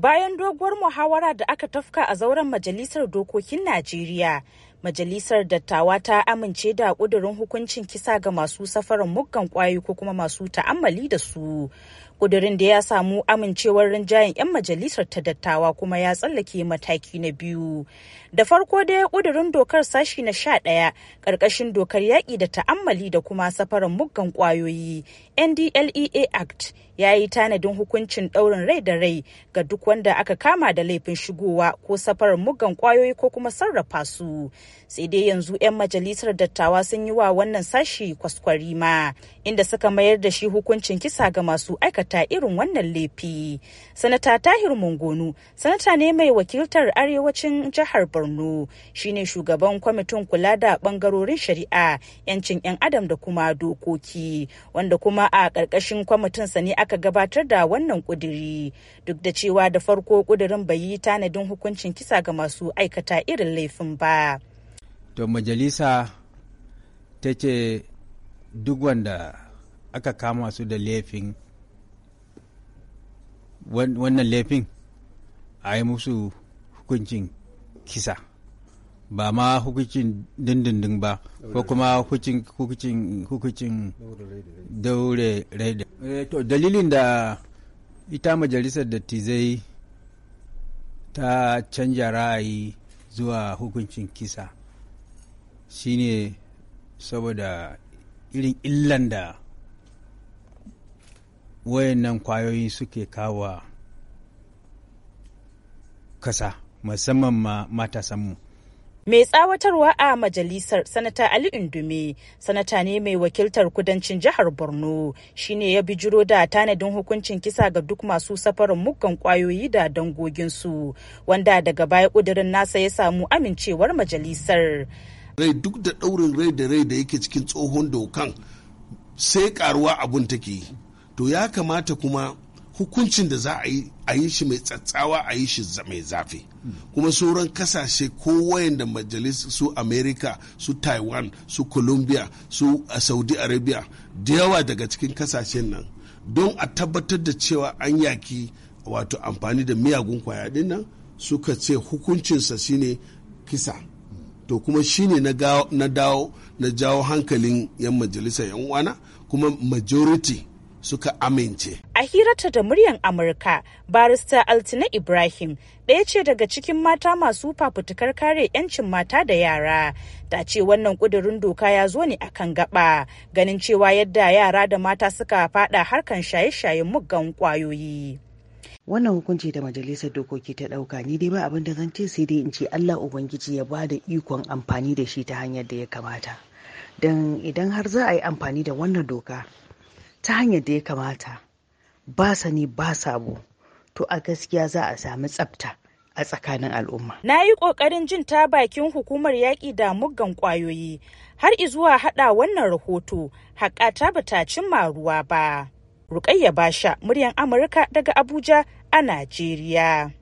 bayan doguwar muhawara da aka tafka a zauren majalisar dokokin najeriya majalisar dattawa ta amince da ƙudurin hukuncin kisa ga masu safarin muggan ƙwayoyi ko kuma masu ta'ammali da su Ƙudurin da ya samu amincewar rinjayen 'yan majalisar ta dattawa kuma ya tsallake mataki na biyu. Da farko dai ƙudurin dokar sashi na sha ɗaya ƙarƙashin dokar yaƙi da ta'ammali da kuma safarin muggan ƙwayoyi NDLEA Act ya yi tanadin hukuncin ɗaurin rai da rai ga duk wanda aka kama da laifin shigowa ko safarin muggan ƙwayoyi ko kuma sarrafa su. Sai dai yanzu 'yan majalisar dattawa sun yi wa wannan sashi ma. inda suka mayar da shi hukuncin kisa ga masu aikata irin wannan laifi. Sanata Tahir Mungonu, sanata ne mai wakiltar arewacin jihar Borno, shine shugaban kwamitin kula da bangarorin shari'a, 'yancin 'yan adam da kuma dokoki, wanda kuma a ƙarƙashin kwamitin sa ne aka gabatar da wannan ƙudiri. Duk da cewa da farko ƙudirin bai yi tanadin hukuncin kisa ga masu aikata irin laifin ba. To majalisa take duk wanda aka kama su da laifin wannan laifin a yi musu hukuncin kisa ba ma hukuncin dindindin ba ko kuma hukuncin daure raida eh, to dalilin da ita majalisar dattizai ta canja ra'ayi zuwa hukuncin kisa shine saboda irin illan da wayannan kwayoyi suke kawo kasa musamman ma matasanmu. Mai tsawatarwa a majalisar Sanata Ali Indume, sanata ne mai wakiltar kudancin jihar Borno, shine ya bijiro da tanadin hukuncin kisa ga duk masu safarin muggan kwayoyi da dangoginsu, wanda daga baya kudirin nasa ya samu amincewar majalisar. Rai duk da ɗaurin rai da rai da yake cikin tsohon dokan sai karuwa abun take yi. to ya kamata kuma hukuncin da za a yi shi mai tsatsawa a yi shi mai zafi kuma sauran kasashe ko da majalis su america su taiwan su colombia su saudi arabia da yawa daga cikin kasashen nan don a tabbatar da cewa an yaki wato amfani da miyagun kwaya nan suka ce hukuncinsa shine kisa to kuma shine na dawo na jawo hankalin 'yan majalisa 'yan uwana kuma majority suka amince. A hirarta da muryan Amurka, barista Altina Ibrahim ɗaya ce daga cikin mata masu fafutukar kare 'yancin mata da yara. Ta ce wannan ƙudurin doka ya zo ne akan gaba, ganin cewa yadda yara da mata suka faɗa harkan shaye-shayen muggan ƙwayoyi. wannan hukunci da majalisar dokoki ta ɗauka ni dai ba abin da zan ce sai dai in ce Allah ubangiji ya ba da ikon amfani da shi ta hanyar da ya kamata don idan har za a yi amfani da wannan doka ta hanyar da ya kamata ba sani ba sabo to a gaskiya za a sami tsafta a tsakanin al'umma. Na yi ƙoƙarin jin ta bakin hukumar yaƙi da muggan ƙwayoyi har izuwa haɗa wannan rahoto haƙata ba ta cimma ruwa ba. Rukayya Basha, muryan Amurka daga Abuja a Najeriya.